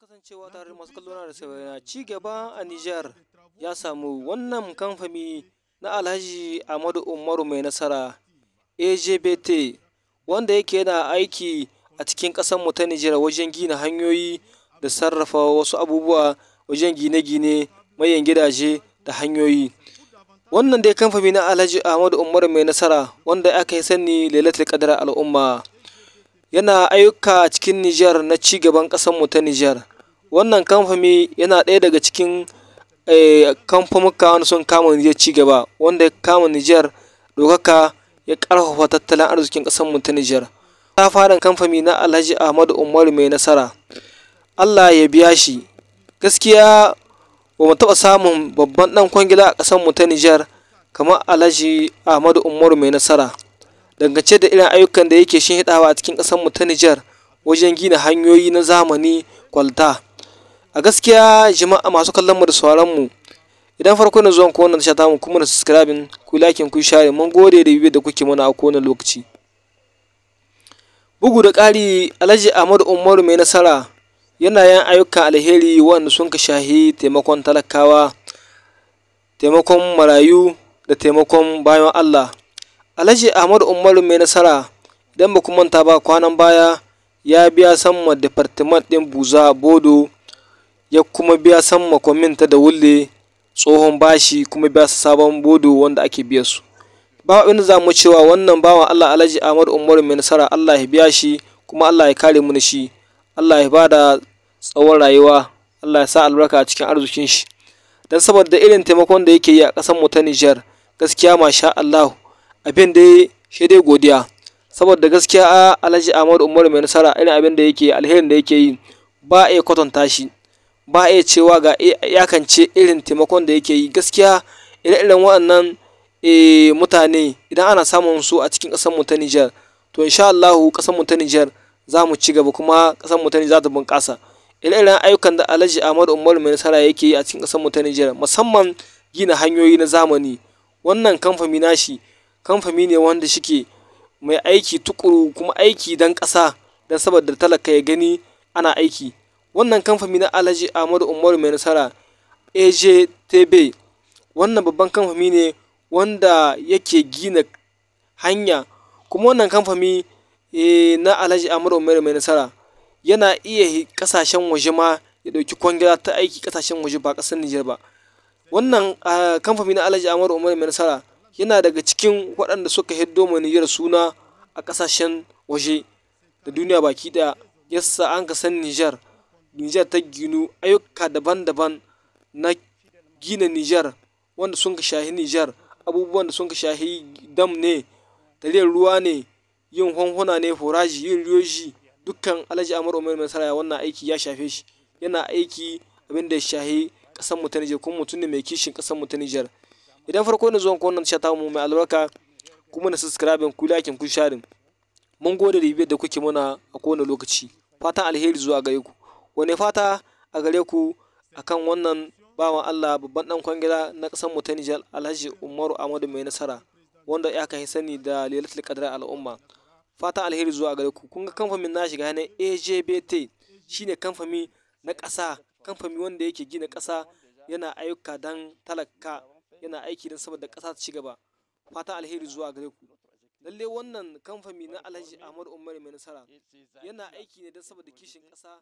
da kasancewa tare da masu kallona da saurara ci gaba a Nijar ya samu wannan kamfani na Alhaji Ahmadu Umaru mai nasara AJBT wanda yake yana aiki a cikin ƙasar mu ta Nijar wajen gina hanyoyi da sarrafa wasu abubuwa wajen gine-gine mayan gidaje da hanyoyi. Wannan dai kamfani na Alhaji Ahmadu Umaru mai nasara wanda aka yi sani Lailatul Qadar al'umma. yana ayyuka a cikin Nijar na ci gaban ƙasarmu ta Nijar. Wannan kamfani yana ɗaya daga cikin, eh, kamfanuka wanda sun kama Nijar ci gaba, wanda ya kama Nijar dokaka ya ƙarfafa tattalin arzikin mu ta Nijar. fara kamfani na Alhaji Ahmadu Umaru Mai Nasara, Allah ya biya shi. Gaskiya ba mu taɓa samun babban ɗan kwangila a ƙasarmu ta Nijar kamar Alhaji Ahmadu Umaru Mai Nasara. Dangance da irin ayyukan da yake hidawa a cikin mu ta Nijar wajen gina hanyoyi na zamani kwalta. a gaskiya jama'a masu kallon mu da sauran mu idan farko na zuwan ku wannan tasha tamu kuma na subscribing ku like ku share mun gode da bibiyar da kuke mana a kowane lokaci bugu da ƙari alhaji ahmadu umaru mai nasara yana yin ayyukan alheri wanda sun ka shahi taimakon talakawa taimakon marayu da taimakon bayan allah alhaji ahmadu umaru mai nasara idan ba ku manta ba kwanan baya ya biya sama departement ɗin buza bodo ya kuma biya san ta da wulle tsohon bashi kuma biya su sabon bodo wanda ake biya su ba inda za mu cewa wannan bawan Allah Alhaji Ahmad Umar mai nasara Allah ya biya shi kuma Allah ya kare mu da shi Allah ya bada tsawon rayuwa Allah ya sa albarka cikin arzikin shi dan saboda irin taimakon da yake yi a ƙasar mu ta Niger gaskiya masha Allah abin da shi dai godiya saboda gaskiya Alhaji Ahmad Umar mai nasara irin abin da yake alherin da yake yi ba a kwatanta shi ba iya cewa ga iyakance irin taimakon da yake yi gaskiya ire irin waɗannan eh, mutane idan ana samun su a cikin ƙasar mu ta Nijar to insha Allah ƙasar mu ta Nijar za mu ci gaba kuma ƙasar mu ta Nijar za ta bunƙasa ire irin ayyukan da Alhaji Ahmadu Umar mai nasara yake yi a cikin ƙasar mu ta Nijar musamman gina hanyoyi na zamani wannan kamfani nashi kamfani ne wanda shike mai aiki tukuru kuma aiki dan ƙasa dan saboda talaka ya gani ana aiki wannan kamfani na alhaji ahmadu umar mai nasara ajtb wannan babban kamfani ne wanda yake gina hanya kuma wannan kamfani eh, na alhaji ahmadu umar mai nasara yana iya kasashen waje ma ya ɗauki kwangila ta aiki kasashen waje ba ƙasar nijar ba wannan kamfani na alhaji ahmadu umar mai nasara yana daga cikin waɗanda suka hiddo mai nijar suna a ƙasashen waje da duniya baki ɗaya yasa an ka san nijar Nijar ta ginu ayyuka daban-daban na gina Nijar wanda sun ka shahi Nijar, abubuwan da sun ka shahi dam ne, taliyar ruwa ne, yin honhuna ne, foraji, yin riyoji. Dukkan Alhaji Amadu Umaru Mai Nasara wannan aiki ya shafe shi. Yana aiki abin da ya shahi kasan mu ta Nijar kuma mutum ne mai kishin kasan mu ta Nijar. Idan farko ne zuwan kowanne shata mu mai albarka kuma na subscribe ku liking, ku share Mun gode da ribiyar da kuke mana a kowane lokaci. Fatan alheri zuwa gare ku. Wani fata a gare ku akan wannan bawan Allah babban ɗan kwangila na ƙasar mu ta Nijar Alhaji Umaru Ahmadu mai nasara wanda ya kai sani da Lailatul Qadr al'umma. Fatan alheri zuwa gare ku. Kun ga kamfanin na shiga na AJBT shine kamfani na ƙasa, kamfani wanda yake gina ƙasa yana ayyuka dan talaka, yana aiki don saboda ƙasa ta ci gaba. Fatan alheri zuwa gare ku. Lalle wannan kamfani na Alhaji Ahmadu Umar mai nasara yana aiki ne don saboda kishin ƙasa.